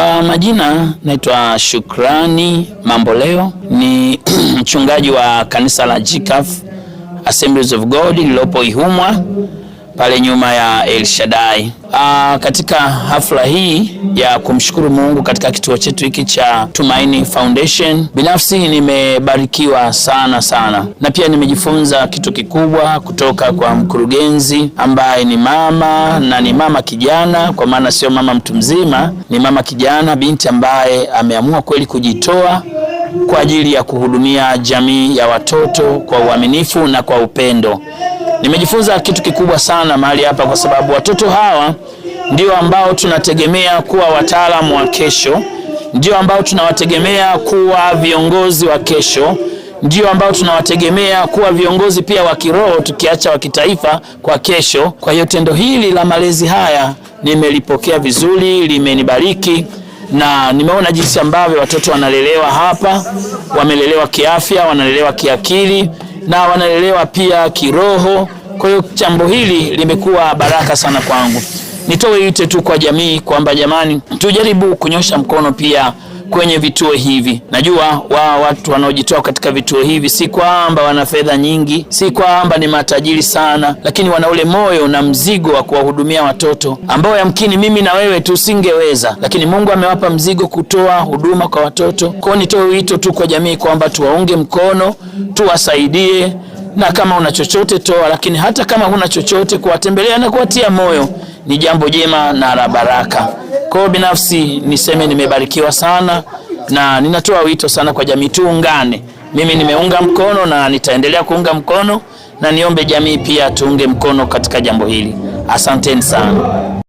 Kwa majina naitwa Shukrani Mamboleo, ni mchungaji wa kanisa la GCAF Assemblies of God lililopo Ihumwa pale nyuma ya El Shaddai. Aa, ah, katika hafla hii ya kumshukuru Mungu katika kituo chetu hiki cha Tumaini Foundation, binafsi nimebarikiwa sana sana, na pia nimejifunza kitu kikubwa kutoka kwa mkurugenzi ambaye ni mama na ni mama kijana, kwa maana sio mama mtu mzima, ni mama kijana, binti ambaye ameamua kweli kujitoa kwa ajili ya kuhudumia jamii ya watoto kwa uaminifu na kwa upendo. Nimejifunza kitu kikubwa sana mahali hapa, kwa sababu watoto hawa ndio ambao tunategemea kuwa wataalamu wa kesho, ndio ambao tunawategemea kuwa viongozi wa kesho, ndio ambao tunawategemea kuwa viongozi pia wa kiroho, tukiacha wa kitaifa kwa kesho. Kwa hiyo tendo hili la malezi haya nimelipokea vizuri, limenibariki na nimeona jinsi ambavyo watoto wanalelewa hapa. Wamelelewa kiafya, wanalelewa kiakili na wanalelewa pia kiroho. Kwa hiyo jambo hili limekuwa baraka sana kwangu. Nitoe wito tu kwa jamii kwamba jamani, tujaribu kunyosha mkono pia kwenye vituo hivi. Najua wa watu wanaojitoa katika vituo hivi si kwamba wana fedha nyingi, si kwamba ni matajiri sana, lakini wana ule moyo na mzigo wa kuwahudumia watoto ambao yamkini mimi na wewe tusingeweza, lakini Mungu amewapa mzigo kutoa huduma kwa watoto. Kwao nitoe wito tu kwa jamii kwamba tuwaunge mkono, tuwasaidie na kama una chochote toa, lakini hata kama huna chochote, kuwatembelea na kuwatia moyo ni jambo jema na la baraka. Kwa binafsi niseme nimebarikiwa sana, na ninatoa wito sana kwa jamii, tuungane. Mimi nimeunga mkono na nitaendelea kuunga mkono, na niombe jamii pia tuunge mkono katika jambo hili. Asanteni sana.